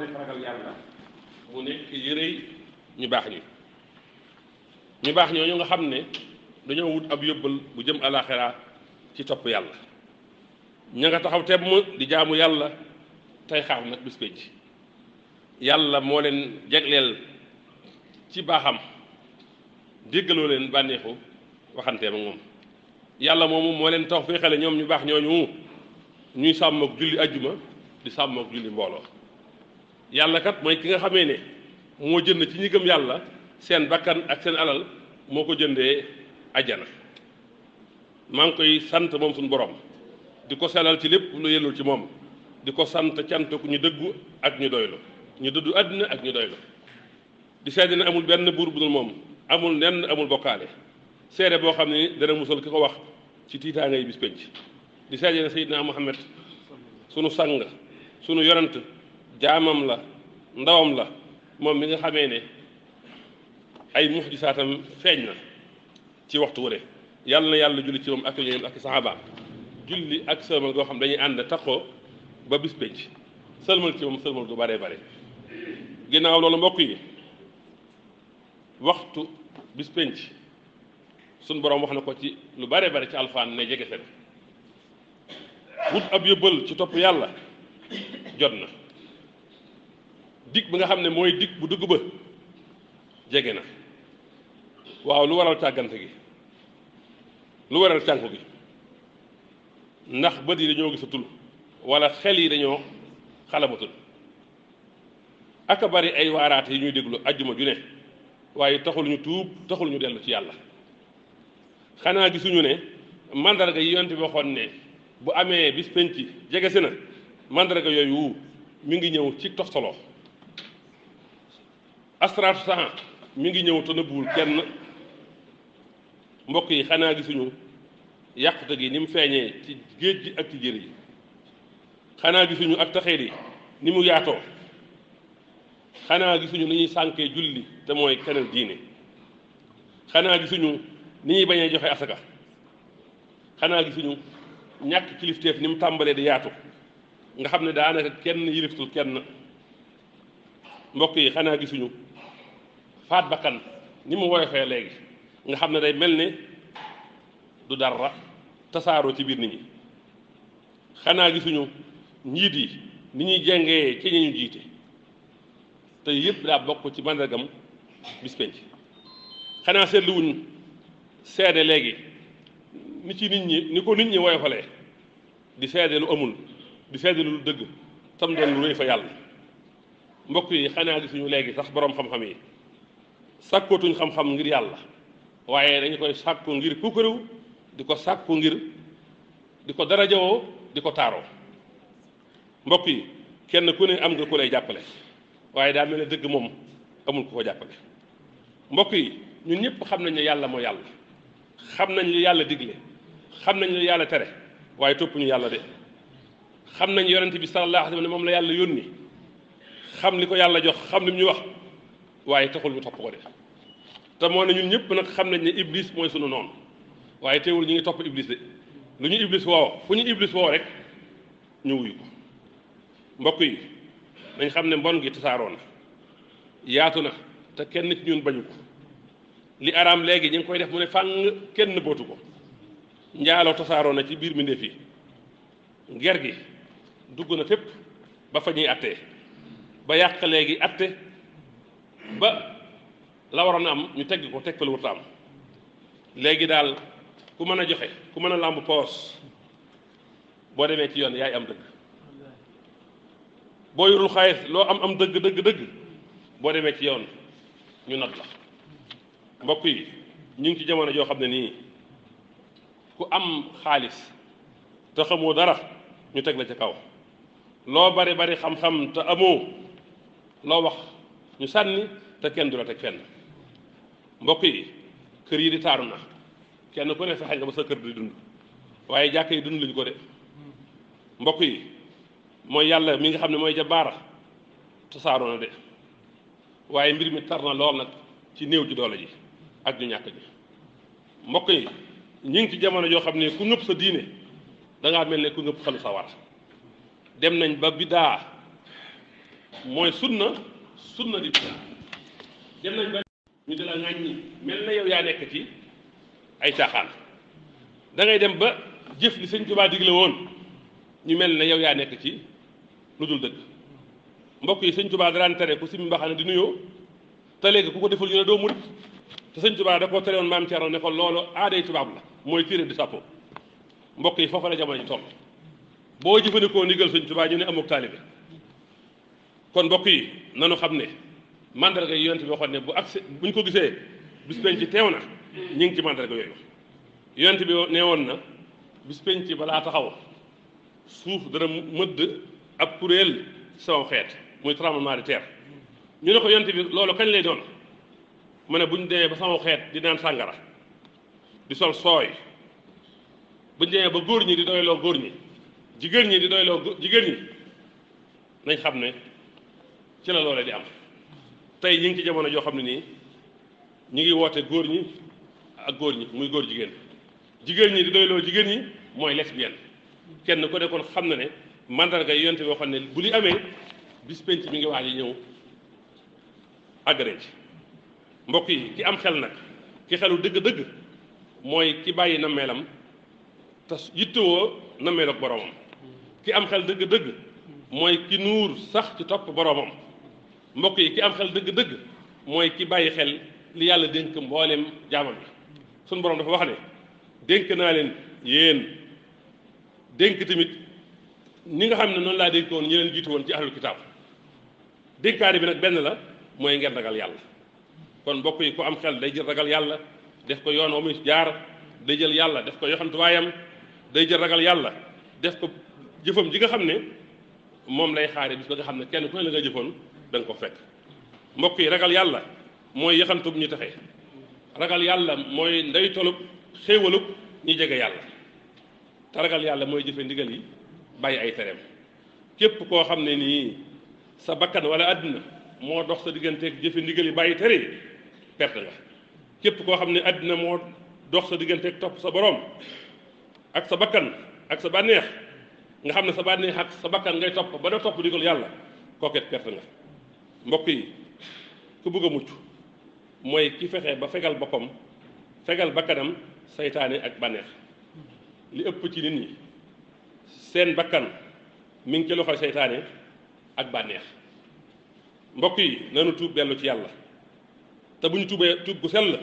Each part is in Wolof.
leen ragal yàlla ñu baax ñi ñu baax ñooñu nga xam ne dañoo wut ab yóbbal bu jëm alaxira ci topp yàlla ña nga taxaw temm di jaamu yàlla tey xaar nag bis pénc yàlla moo leen jegleel ci baaxam déggaloo leen bànneexu waxantee ma moom yàlla moomu moo leen taw fii ñoom ñu baax ñooñu ñuy sàmmook julli ajjuma di sàmmook julli mbooloo yàlla kat mooy ki nga xamee ne moo jënd ci ñi gëm yàlla seen bakkan ak seen alal moo ko jëndee ajjana maa ngi koy sant moom suñu boroom di ko selal ci lépp lu yellul ci moom di ko sant cant ku ñu dëggu ak ñu doylu ñu dëddu àddina ak ñu doylu di seede ne amul benn buur bu dul moom amul nenn amul bokkaale seede boo xam ne dana musal ki ko wax ci tiitaanga yi bis penc di seede ne Seydina Muhammad sunu sang sunu yonant jaamam la ndawam la moom mi nga xamee ne ay muxdisaatam feeñ na ci waxtu wu ne yàlla na yàlla julli ci moom ak yéen ak saxaabaam julli ak sëlmal goo xam dañuy ànd taxoo ba bis penc sëlmal ci moom sëlmal gu bare bare ginnaaw loolu mbokk yi waxtu bis penc suñ boroom wax na ko ci lu bare bare ci alfaan ne jege seen wut ab yóbbal ci topp yàlla jot na dig bi nga xam ne mooy dig bu dugg ba jege na waaw lu waral tàggante gi lu waral cànku gi ndax bët yi dañoo gisatul wala xel yi dañoo xalabatul aka bari ay waaraate yu ñuy déglu ajjuma ju ne waaye taxul ñu tuub taxul ñu dellu ci yàlla xanaa gi suñu ne màndarga yi yonent bi waxoon ne bu amee bis penc jege si na màndarga yooyu mi ngi ñëw ci toxtaloo astratan mi ngi ñëw te nëbbuwul kenn mbokk yi xanaa gisuñu yàqute gi ni mu feeñee ci géej gi ak ci jër yi xanaa gisuñu ak taxeet yi ni mu yaatoo xanaa gisuñu ni ñuy sànkee julli te mooy keneen diine xanaa gisuñu ni ñuy bañee joxe asaka xanaa gisuñu ñàkk kilifteef ni mu tàmbalee di yaatu nga xam ne daanaka kenn yiliftul kenn mbokk yi xanaa gisuñu faat bakkan ni mu woyofee léegi nga xam ne day mel ni du dara tasaaroo ci biir nit ñi xanaa gisuñu njiit yi ni ñuy jengee ci ñu jiite te yëpp daa bokk ci mandargam bis penc xanaa seetluwuñ seede léegi ni ci nit ñi ni ko nit ñi woyofalee di seede lu amul di seede lu dëgg tam doon lu rëy fa yàlla mbokk yi xanaa gisuñu léegi sax boroom xam-xam yi sàkkootuñ xam-xam ngir yàlla waaye dañu koy sàkku ngir pukkariw di ko sàkku ngir di ko dara jawoo di ko taaroo mbokk yi kenn ku ne am nga ku lay jàppale waaye daa mel ne dëgg moom amul ku ko jàppale mbokk yi ñun ñëpp xam nañ ne yàlla moo yàlla xam nañ lu yàlla digle xam nañ lu yàlla tere waaye toppuñu yàlla de xam nañ yonent bi sallallahu alayhi ne moom la yàlla yónni xam li ko yàlla jox xam li mu ñu wax waaye taxul ñu topp ko de te moo ne ñun ñëpp nag xam nañ ne iblis mooy sunu noonu waaye teewul ñu ngi topp iblis de lu ñu iblis woo fu ñu iblis woo rek ñu wuyu ko mbokk yi dañ xam ne mbon gi tasaaroo na yaatu na te kenn ci ñun bañu ko li araam léegi ñu ngi koy def mu ne fàng kenn bootu ko njaaloo tasaaroo na ci biir mbindéef yi nger gi dugg na fépp ba fa ñuy attee ba yàq léegi atte ba la waroon am ñu tegg ko teg fa lu wut am léegi daal ku mën a joxe ku mën a làmb poos boo demee ci yoon yaay am dëgg boo yorul xaalis loo am am dëgg dëgg dëgg boo demee ci yoon ñu nat la mbokk yi ñu ngi ci jamono joo xam ne nii ku am xaalis te xamoo dara ñu teg la ci kaw loo bari bari xam-xam te amoo loo wax ñu sànni te kenn du la teg fenn mbokk yi kër yi di taaru na kenn ku ne fexe ba sa kër di dund waaye jàkk yi dund luñ ko de mbokk yi mooy yàlla mi nga xam ne mooy jabaara tasaaru na de waaye mbir mi tar na lool nag ci néew ji doole ji ak ñu ñàkk ji mbokk yi ñu ngi ci jamono yoo xam ne ku ñëpp sa diine dangaa mel ne ku ñëpp xalu sa war dem nañ ba biddaa mooy sunna na di biddaa dem nañ ba la mel na yow yaa nekk ci ay caaxaan dangay dem ba jëf li sëñ tubaa digle woon ñu mel na yow yaa nekk ci lu dul dëgg mbokk yi sëñ Tuubaa daan tere ku simi mbaxana di nuyoo te léegi ku ko deful ñu ne doo murit te sëñ Tuubaa da koo tere woon maam Thierno ne ko loolu aaday tubaab la mooy tiire di sàppo mbokk yi foofa la jamono ji toll boo jëfandikoo ndigal sëñ tubaa ñu ne amuk taalibe kon mbokk yi nanu xam ne mandarga yi yonent bi waxoon ne bu agsi buñ ko gisee bis penc teew na ñu ngi ci mandarga yooyu yonent bi nee woon na bis penc balaa taxaw suuf dana mëdd ab kuréel sama xeet muy tremblement de terre ñu ne ko yonent bi loolu kañ lay doon mu ne buñ ñu ba sama xeet di naan sàngara di sol sooy bu ñu ba góor ñi di doyloo góor ñi jigéen ñi di doyloo jigéen ñi nañ xam ne ci la loolee di am tey ñu ngi ci jamono joo xam ne nii ñu ngi woote góor ñi ak góor ñi muy góor jigéen jigéen ñi di doyloo jigéen ñi mooy lesbienne kenn ku nekkoon xam na ne mandarga yi yonte boo xam ne bu li amee bis penc mi ngi waaj yi ñëw agré mbokk yi ki am xel nag ki xelu dëgg-dëgg mooy ki bàyyi nammeelam te yittewoo nammeel ak boroomam ki am xel dëgg-dëgg mooy ki nuur sax ci topp boroomam mbokk yi ki am xel dëgg-dëgg mooy ki bàyyi xel li yàlla dénk mboolem jaamam yi suñu borom dafa wax ne dénk naa leen yéen dénk tamit ñi nga xam ne noonu laa dénk woon ñi leen jiitu woon ci ahlul kitaab dénkaari bi nag benn la mooy ngeen ragal yàlla kon mbokk yi ku am xel day jël ragal yàlla def ko yoon wa jaar day jël yàlla def ko yoxantuwaayam day jël ragal yàlla def ko jëfam ji nga xam ne moom lay xaare bis ba nga xam ne kenn ku ne la nga jëfoon dang ko fekk mbokk yi ragal yàlla mooy yaxantub ñu taxe ragal yàlla mooy ndey tolub xéewalub ñi jege yàlla te ragal yàlla mooy jëfe ndigal yi bàyyi ay tereem képp koo xam ne sa bakkan wala adna moo dox sa digganteeg jëfe ndigal yi bàyyi tere perte nga képp koo xam ne àddina moo dox sa digganteeg topp sa borom ak sa bakkan ak sa bànneex nga xam ne sa bànneex ak sa bakkan ngay topp ba da topp digal yàlla kooket perte nga mbokk yi ku bëgg a mucc mooy ki fexe ba fegal boppam fegal bakkanam seytaane ak bànneex li ëpp ci nit ñi seen bakkan mi ngi ci loxoy saytaane ak bànneex mbokk yi nanu tuub dellu ci yàlla te bu ñu tuubee tuub gu sell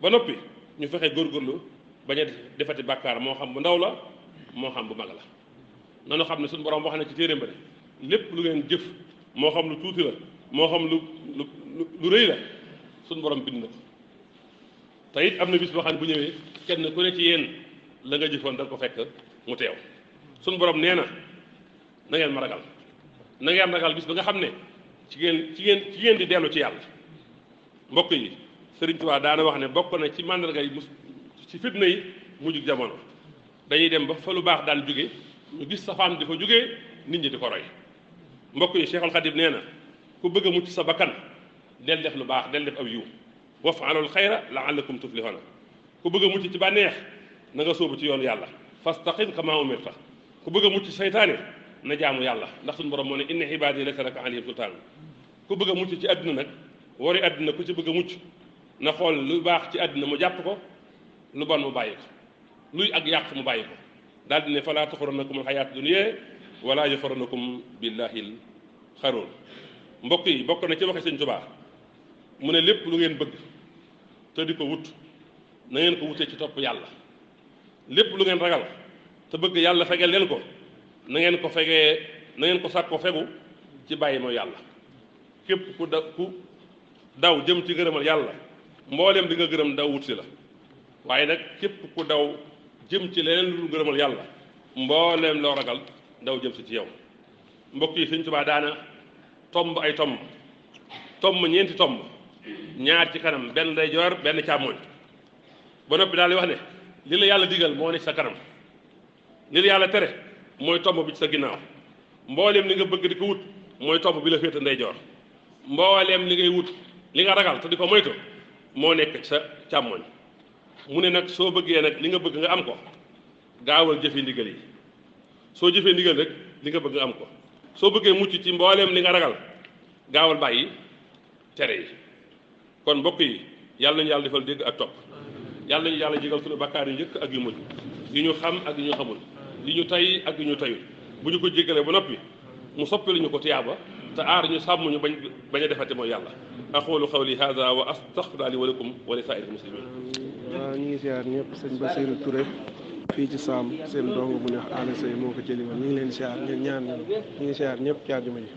ba noppi ñu fexe góor góorlu a defati bàkkaar moo xam bu ndaw la moo xam bu mag la nanu xam ne suñu borom wax na ci téeréem ba lépp lu ngeen jëf moo xam lu tuuti la moo xam lu lu lu rëy la suñ borom bind na ko te it am na bis boo xam ne bu ñëwee kenn ku ne ci yéen la nga jëfoon da ko fekk mu teew suñ borom nee na na ma ragal na ngeen ragal bis ba nga xam ne ci ngeen ci ngeen ci ngeen di dellu ci yàlla mbokk yi Sëriñ Tuubaa daana wax ne bokk na ci màndarga yi mu ci fitna yi mujj jamono dañuy dem ba fa lu baax daan jóge ñu gis safaan di fa jóge nit ñi di ko roy mbokk yi Cheikhul Khadim nee na ku bëgg a mucc sa bakkan del def lu baax del def aw yiw wafaalul xayra laalakum tuflihuna ku bëgg a mucc ci bànneex na nga sóobu ci yoonu yàlla fastaqim kama umirta ku bëgg a mucc seytaane na jaamu yàlla ndax suñ borom moo ne inna ibadi laysa laka alayhim sultaan ku bëgg a mucc ci àdduna nag wari àdduna ku ci bëgg a mucc na xool lu baax ci àdduna mu jàpp ko lu bon mu bàyyi ko luy ak yàq mu bàyyi ko daal di ne falaa taxurannakum alxayaat dunya wala yaxurannakum billahi l mbokk yi bokk na ci waxe sëñ Tuubaa mu ne lépp lu ngeen bëgg te di ko wut na ngeen ko wutee ci topp yàlla lépp lu ngeen ragal te bëgg yàlla fegeel leen ko na ngeen ko fegee na ngeen ko sàkkoo fegu ci bàyyi mooy yàlla képp ku da ku daw jëm ci ngërëmal yàlla mbooleem di nga gërëm daw wut si waaye nag képp daw jëm ci leneen lu gërëmal yàlla mbooleem loo ragal daw jëm si ci yow mbokk yi sëñ Tuubaa daana tomb ay tomb tomb ñeenti tomb ñaar ci kanam benn ndeyjoor benn càmmoñ ba noppi daal di wax ne li la yàlla digal moo ne sa kanam li la yàlla tere mooy tomb bi ci sa ginnaaw mbooleem li nga bëgg di ko wut mooy tomb bi la féete ndey joor mbooleem li ngay wut li nga ragal te di ko moytu moo nekk sa càmmooñ mu ne nag soo bëggee nag li nga bëgg nga am ko gaawal jëfe ndigal yi soo jëfee ndigal rek li nga bëgg nga am ko soo bëggee mucc ci mbooleem li nga ragal gaawal bàyyi tere yi kon mbokk yi yàlla nañu yàlla defal dégg ak topp yàlla nañu yàlla jégal suñu bakkaar yu njëkk ak yu mujj yu ñu xam ak yu ñu xamul yu ñu tay ak yu ñu tayul bu ñu ko jégalee ba noppi mu soppali ñu ko tiyaaba te aar ñu sàmm ñu bañ bañ a defate mooy yàlla aqulu qawli hada wa astaghfirullahi wa lakum wa li saa'iril muslimin ñu ngi siyaar ñëpp sëñ Basiru Touré fii ci saam seen dongo bu ñu wax Alla Seye moo ko jëli woon ñu ngi leen siyaar ñaan ñu ngi siyaar ñëpp ci àjjuma ji